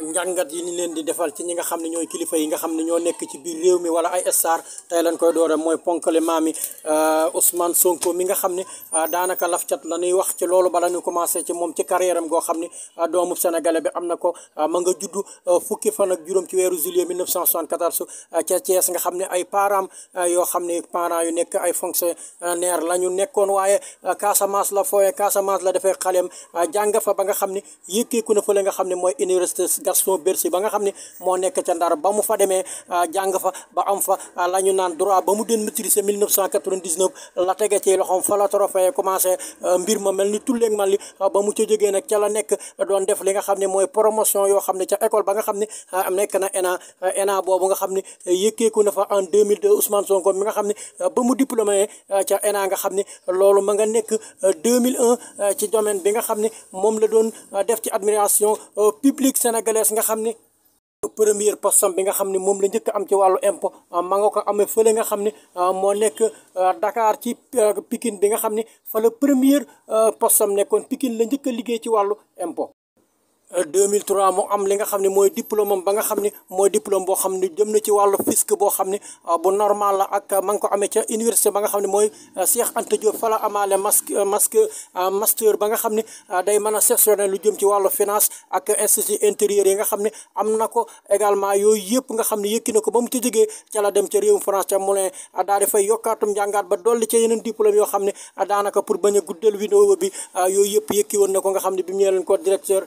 njàngat yi ni leen di defal ci ñi xam ne ñooy kilifa yi nga xam ne ñoo nekk ci biir réew mi wala ay star tey lañ euh, euh, wax ci loolu bala ñu commencé ci moom ci carrière goo xam ne euh, na ko fukki fan ak juróom ci weeru juillet 1974 ca Thiès nga xam ne ay parents yoo xam ne parents yu nekk ay fonctionnaire la ñu nekkoon waaye Casamance la fooye Casamance la defee xaleem jàng fa ba nga xam ne yëkkeeku na fa la nga xam ne mooy université Gaston Berger ba nga xam ne moo nekk ca Ndar ba mu fa demee ah, jàng fa ba am fa ah, la ñu naan droit ba mu den maîtriser 1999 la tege ci loxoom fa la trophée commencé ah, mbir ma mel ni tulleeg man li ba mu ca jógee nag ca la nekk doon def li nga xam ne na ENA ENA boobu nga xam bi nga xam ne moom la doon def ci administration publique sénégalaise nga xam ni première poste bi nga xam ni moom la njëkk am ci wàllu impôt ah, ma nga ko amee fële nga xam ni ah, moo nekk ah, Dakar ci Pikine bi nga xam ni fa la première poste nekkoon Pikine la njëkk a liggéey ci wàllu impôt 2003 mu am li nga xam ne mooy diplôme am ba nga xam ni mooy diplôme boo xam ne jëm na ci wàllu fisc boo xam ne euh, bu normal la ak ma ngi ko amee ca université ba nga xam ne mooy euh, Cheikh Anta Diop amaale masque euh, masque master ba nga xam ne day mën a sectionné lu jëm ci wàllu finance ak institut intérieur yi nga xam ne am na ko également yooyu yëpp nga xam ne yëkki na ko ba mu ci jógee ca la dem ca réewum France ca Moulin daa dafay yokkaatum njàngaat ba dolli ca yeneen diplôme yoo xam ne daanaka pour bañ a guddal vidéo bi yooyu yëpp yëkki woon na ko nga xam ne bi leen ko directeur